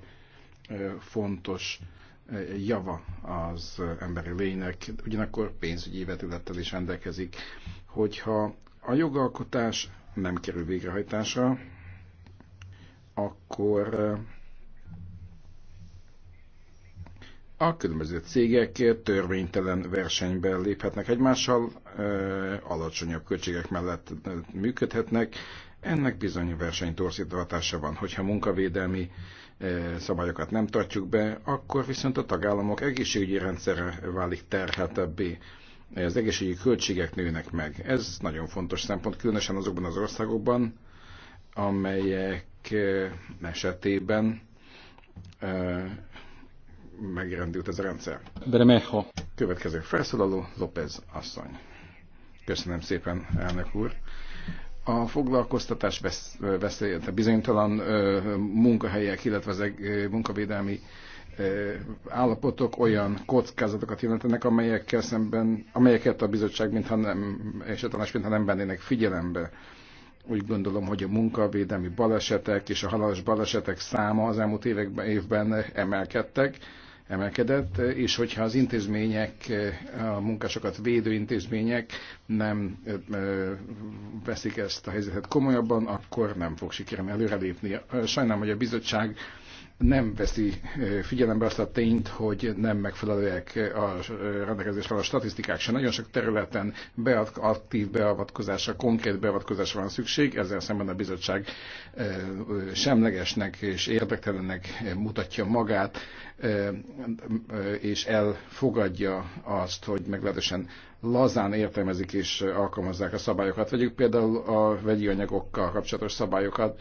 [SPEAKER 3] fontos java az emberi lénynek, ugyanakkor pénzügyi vetülettel is rendelkezik, hogyha a jogalkotás nem kerül végrehajtásra, akkor a különböző cégek törvénytelen versenyben léphetnek egymással, alacsonyabb költségek mellett működhetnek, ennek bizony versenytorzító hatása van. Hogyha munkavédelmi szabályokat nem tartjuk be, akkor viszont a tagállamok egészségügyi rendszere válik terhetebbé. Az egészségügyi költségek nőnek meg. Ez nagyon fontos szempont, különösen azokban az országokban, amelyek esetében megrendült ez a rendszer. Bermejo. Következő felszólaló, López asszony. Köszönöm szépen, elnök úr. A foglalkoztatás veszélye, a bizonytalan munkahelyek, illetve az munkavédelmi állapotok olyan kockázatokat jelentenek, amelyekkel szemben, amelyeket a bizottság mintha nem, és a tanács mintha nem vennének figyelembe. Úgy gondolom, hogy a munkavédelmi balesetek és a halálos balesetek száma az elmúlt években, évben emelkedtek emelkedett, és hogyha az intézmények, a munkásokat védő intézmények nem veszik ezt a helyzetet komolyabban, akkor nem fog sikerülni előrelépni. Sajnálom, hogy a bizottság nem veszi figyelembe azt a tényt, hogy nem megfelelőek a rendelkezésre a statisztikák se. Nagyon sok területen bead, aktív beavatkozásra, konkrét beavatkozásra van szükség, ezzel szemben a bizottság semlegesnek és érdektelennek mutatja magát, és elfogadja azt, hogy meglehetősen lazán értelmezik és alkalmazzák a szabályokat. Vegyük például a vegyi anyagokkal kapcsolatos szabályokat,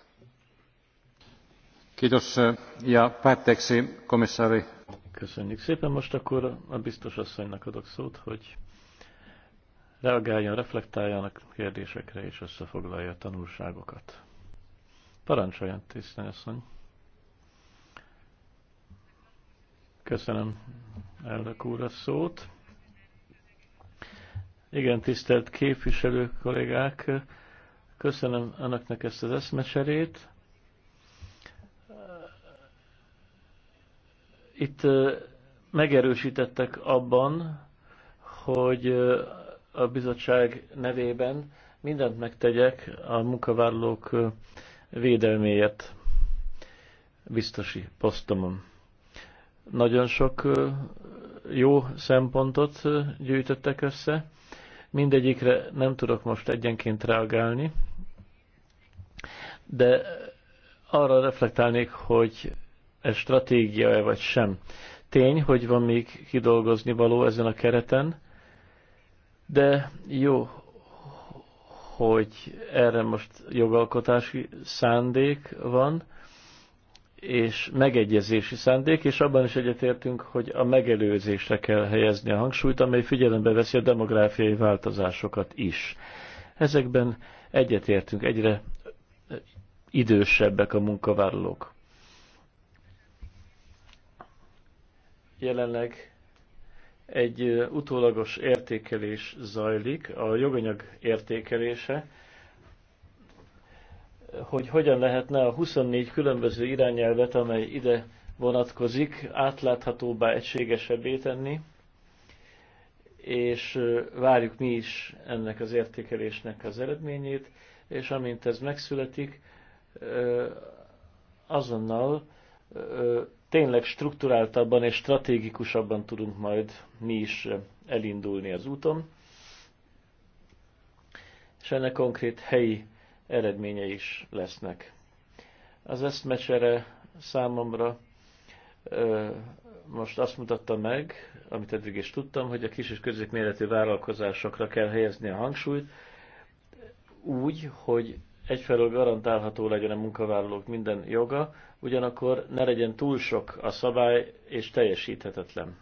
[SPEAKER 5] Eh, Köszönjük szépen. Most akkor a biztos asszonynak adok szót, hogy reagáljon, reflektáljon a kérdésekre és összefoglalja a tanulságokat. Parancsoljon, tisztelt asszony. Köszönöm elnök úr a szót. Igen, tisztelt képviselő kollégák, köszönöm önöknek ezt az eszmecserét Itt megerősítettek abban, hogy a bizottság nevében mindent megtegyek a munkavállalók védelméért biztosi posztomon. Nagyon sok jó szempontot gyűjtöttek össze, mindegyikre nem tudok most egyenként reagálni, de arra reflektálnék, hogy ez stratégia-e vagy sem. Tény, hogy van még kidolgozni való ezen a kereten, de jó, hogy erre most jogalkotási szándék van, és megegyezési szándék, és abban is egyetértünk, hogy a megelőzésre kell helyezni a hangsúlyt, amely figyelembe veszi a demográfiai változásokat is. Ezekben egyetértünk, egyre idősebbek a munkavállalók. jelenleg egy utólagos értékelés zajlik, a joganyag értékelése, hogy hogyan lehetne a 24 különböző irányelvet, amely ide vonatkozik, átláthatóbbá, egységesebbé tenni, és várjuk mi is ennek az értékelésnek az eredményét, és amint ez megszületik, azonnal tényleg struktúráltabban és stratégikusabban tudunk majd mi is elindulni az úton, és ennek konkrét helyi eredménye is lesznek. Az eszmecsere számomra ö, most azt mutatta meg, amit eddig is tudtam, hogy a kis és középméretű vállalkozásokra kell helyezni a hangsúlyt, úgy, hogy egyfelől garantálható legyen a munkavállalók minden joga, ugyanakkor ne legyen túl sok a szabály és teljesíthetetlen.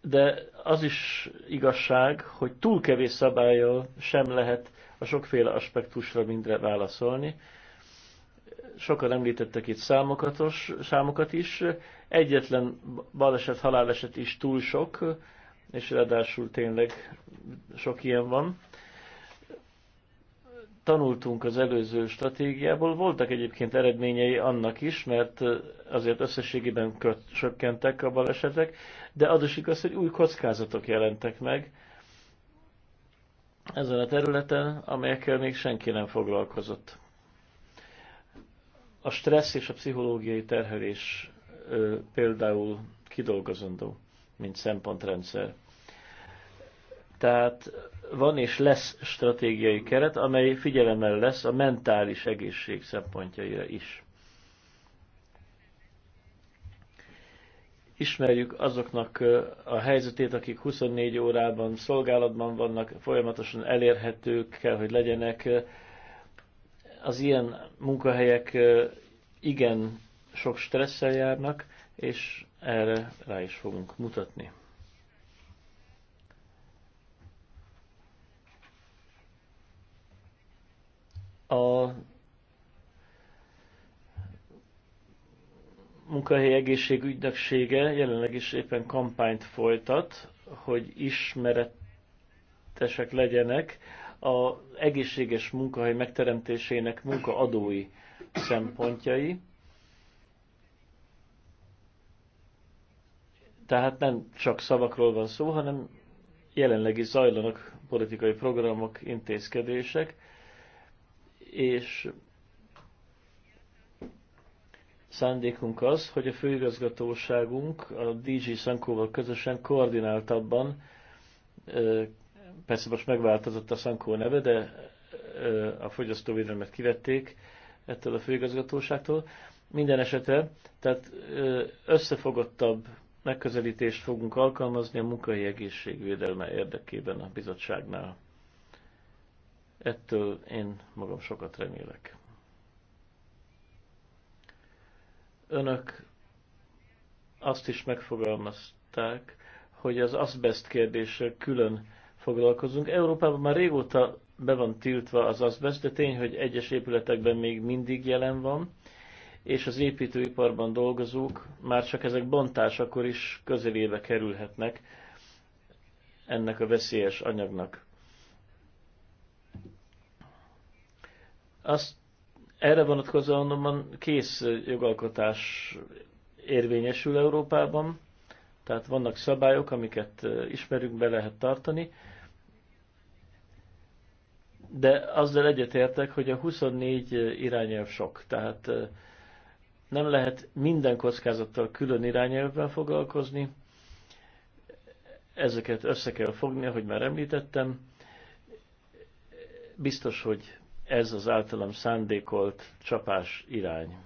[SPEAKER 5] De az is igazság, hogy túl kevés szabályjal sem lehet a sokféle aspektusra mindre válaszolni. Sokan említettek itt számokatos, számokat is. Egyetlen baleset, haláleset is túl sok, és ráadásul tényleg sok ilyen van tanultunk az előző stratégiából. Voltak egyébként eredményei annak is, mert azért összességében csökkentek a balesetek, de az is igaz, hogy új kockázatok jelentek meg ezen a területen, amelyekkel még senki nem foglalkozott. A stressz és a pszichológiai terhelés például kidolgozandó, mint szempontrendszer. Tehát van és lesz stratégiai keret, amely figyelemmel lesz a mentális egészség szempontjaira is. Ismerjük azoknak a helyzetét, akik 24 órában szolgálatban vannak, folyamatosan elérhetők kell, hogy legyenek. Az ilyen munkahelyek igen sok stresszel járnak, és erre rá is fogunk mutatni. a munkahely egészségügynöksége jelenleg is éppen kampányt folytat, hogy ismeretesek legyenek a egészséges munkahely megteremtésének munkaadói szempontjai. Tehát nem csak szavakról van szó, hanem jelenleg is zajlanak politikai programok, intézkedések, és szándékunk az, hogy a főigazgatóságunk a DG Szankóval közösen koordináltabban, persze most megváltozott a Szankó neve, de a fogyasztóvédelmet kivették ettől a főigazgatóságtól. Minden esetre, tehát összefogottabb megközelítést fogunk alkalmazni a munkai egészségvédelme érdekében a bizottságnál. Ettől én magam sokat remélek. Önök azt is megfogalmazták, hogy az azbest kérdéssel külön foglalkozunk. Európában már régóta be van tiltva az azbest, de tény, hogy egyes épületekben még mindig jelen van, és az építőiparban dolgozók már csak ezek bontásakor is közelébe kerülhetnek ennek a veszélyes anyagnak. Azt erre vonatkozóan onnan kész jogalkotás érvényesül Európában, tehát vannak szabályok, amiket ismerünk, be lehet tartani, de azzal egyetértek, hogy a 24 irányelv sok, tehát nem lehet minden kockázattal külön irányelvben foglalkozni, ezeket össze kell fogni, ahogy már említettem. Biztos, hogy ez az általam szándékolt csapás irány.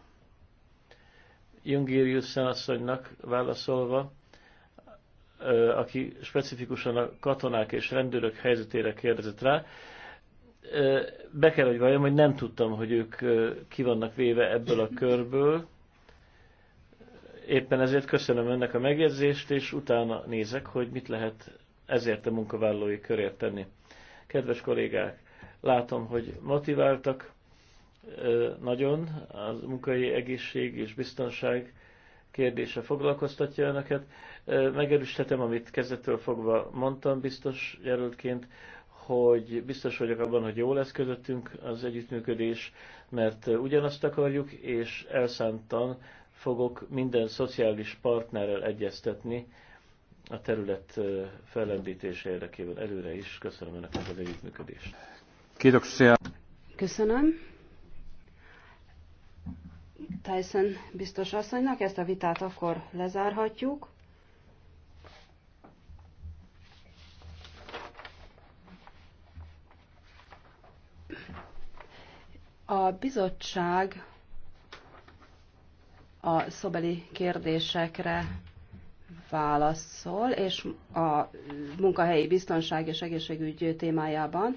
[SPEAKER 5] Jungirius szenasszonynak válaszolva, aki specifikusan a katonák és rendőrök helyzetére kérdezett rá, be kell, hogy valljam, hogy nem tudtam, hogy ők ki vannak véve ebből a körből. Éppen ezért köszönöm önnek a megjegyzést, és utána nézek, hogy mit lehet ezért a munkavállalói körért tenni. Kedves kollégák, Látom, hogy motiváltak nagyon, az munkai egészség és biztonság kérdése foglalkoztatja önöket. Megerősíthetem, amit kezdettől fogva mondtam biztos jelöltként, hogy biztos vagyok abban, hogy jó lesz közöttünk az együttműködés, mert ugyanazt akarjuk, és elszántan fogok minden szociális partnerrel egyeztetni a terület fellendítése érdekében előre is. Köszönöm Önöknek az együttműködést.
[SPEAKER 2] Köszönöm. Tyson biztos asszonynak ezt a vitát akkor lezárhatjuk. A bizottság a szobeli kérdésekre válaszol, és a munkahelyi biztonság és egészségügy témájában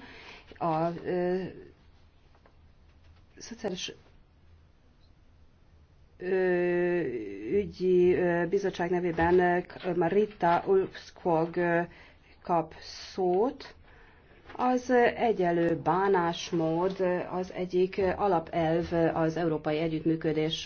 [SPEAKER 2] a ö, szociális ö, ügyi ö, bizottság nevében Marita Ulfskog kap szót. Az egyelő bánásmód az egyik alapelv az európai együttműködés